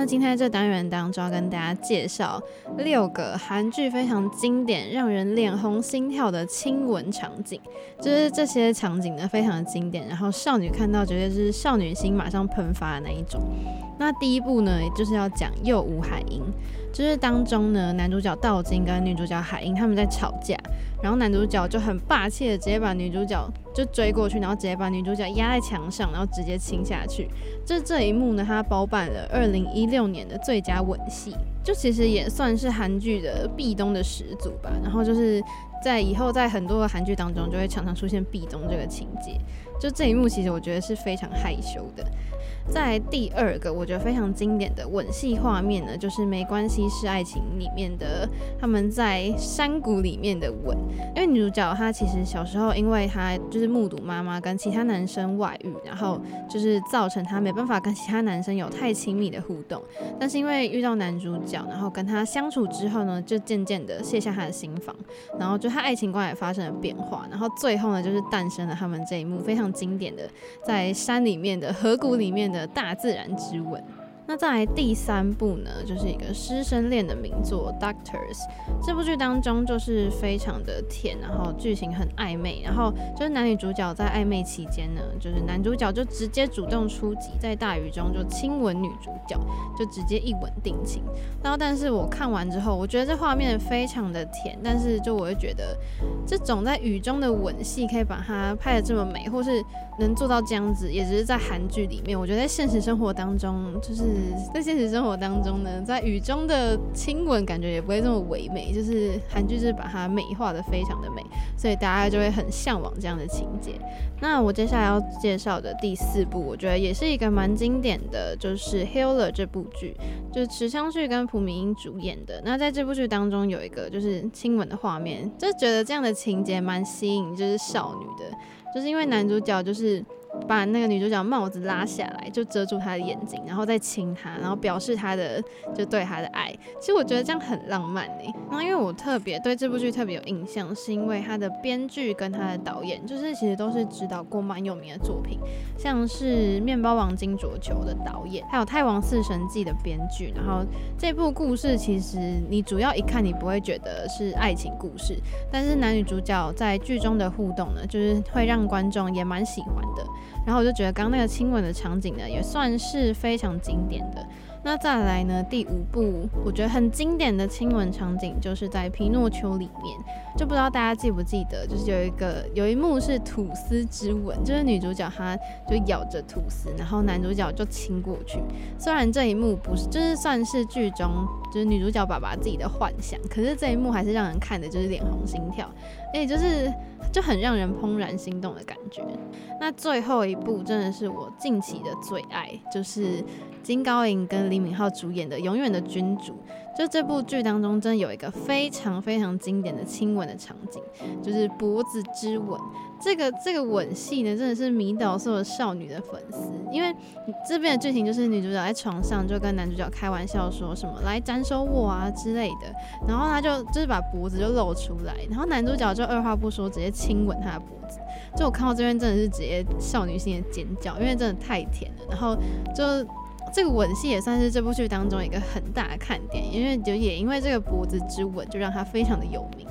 那今天這單元當中要跟大家介紹六個韓劇非常經典、讓人臉紅心跳的親吻場景，就是這些場景呢，非常的經典，然後少女看到絕對是少女心馬上噴發的那一種。那第一部呢，就是要講又，吳海英，就是當中呢，男主角道金跟女主角海英他們在吵架，然後男主角就很霸氣的直接把女主角就追過去，然後直接把女主角壓在牆上，然後直接親下去。這這一幕呢，他包辦了二零一六年的最佳吻戲，就其實也算是韓劇的壁咚的始祖吧。然後就是。在以後，在很多的韓劇當中，就會常常出現壁咚這個情節。就這一幕，其實我覺得是非常害羞的。在第二個，我覺得非常經典的吻戲畫面呢，就是《沒關係是愛情》裡面的他們在山谷裡面的吻。因為女主角她其實小時候，因為她就是目睹媽媽跟其他男生外遇，然後就是造成她沒辦法跟其他男生有太親密的互動。但是因為遇到男主角，然後跟他相處之後呢，就漸漸的卸下他的心防，然後就。他愛情觀也發生了變化，然後最後呢，就是誕生了他們這一幕非常經典的，在山裡面的河谷裡面的大自然之吻。那再來第三部呢，就是一個師生戀的名作《Doctors》。這部劇當中就是非常的甜，然後劇情很曖昧，然後就是男女主角在曖昧期間呢，就是男主角就直接主動出擊，在大雨中就親吻女主角，就直接一吻定情。然後但是我看完之後，我覺得這畫面非常的甜，但是就我會覺得這種在雨中的吻戲可以把它拍得這麼美，或是能做到這樣子，也只是在韓劇裡面。我覺得在現實生活當中就是。在現實生活當中呢，在雨中的親吻感覺也不會這麼唯美，就是韓劇是把它美化的非常的美，所以大家就會很嚮往這樣的情節。那我接下來要介紹的第四部，我覺得也是一個蠻經典的，就是《Healer》這部劇，就是就池昌旭跟朴敏英主演的。那在這部劇當中有一個就是親吻的畫面，就覺得這樣的情節蠻吸引，就是少女的，就是因為男主角就是。把那個女主角帽子拉下來，就遮住她的眼睛，然後再親她，然後表示她的就對她的愛。其實我覺得這樣很浪漫然、欸、那、嗯、因為我特別對這部劇特別有印象，是因為它的編劇跟它的導演，就是其實都是指導過蠻有名的作品，像是《麵包王金卓求》的導演，還有《太王四神記》的編劇。然後這部故事其實你主要一看你不會覺得是愛情故事，但是男女主角在劇中的互動呢，就是會讓觀眾也蠻喜歡的。然後我就覺得，剛剛那個親吻的場景呢，也算是非常經典的。那再來呢？第五部，我覺得很經典的親吻場景就是在《皮諾丘》裡面，就不知道大家記不記得，就是有一個有一幕是吐司之吻，就是女主角她就咬着吐司，然後男主角就親過去。雖然這一幕不是，就是算是劇中就是女主角爸爸自己的幻想，可是這一幕還是讓人看的就是臉紅心跳，哎，就是就很讓人怦然心動的感覺。那最後一部真的是我近期的最愛，就是金高銀跟。李敏鎬主演的《永遠的君主》，就這部劇當中，真的有一個非常非常經典的親吻的場景，就是脖子之吻。這個這個吻戲呢，真的是迷倒所有少女的粉絲。因為這邊的劇情就是女主角在床上就跟男主角開玩笑，說什麼“來斬首我啊”之類的，然後他就就是把脖子就露出來，然後男主角就二話不說直接親吻她的脖子。就我看到這邊真的是直接少女心的尖叫，因為真的太甜了。然後就。這個吻戲也算是這部劇當中一個很大的看點，因為就也因為這個脖子之吻，就讓他非常的有名。